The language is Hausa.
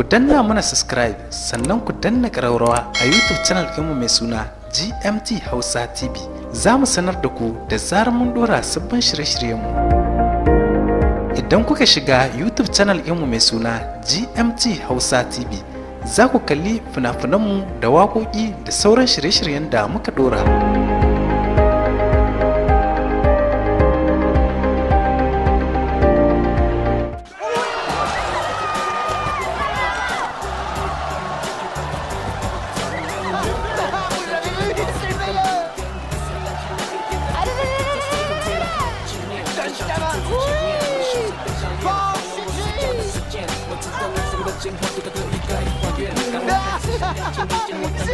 ku danna mana subscribe sannan ku danna ƙaraurawa a youtube channel kanmu mai suna gmt hausa tv za mu sanar da ku da zarar mun ɗora sabbin shirye-shiryenmu idan kuka shiga youtube channel kanmu mai suna gmt hausa tv za ku kalli fina-finanmu da waƙoƙi da sauran shirye-shiryen da muka ɗora. 惊慌失多的离开跨越敢不敢撕下脸皮，见我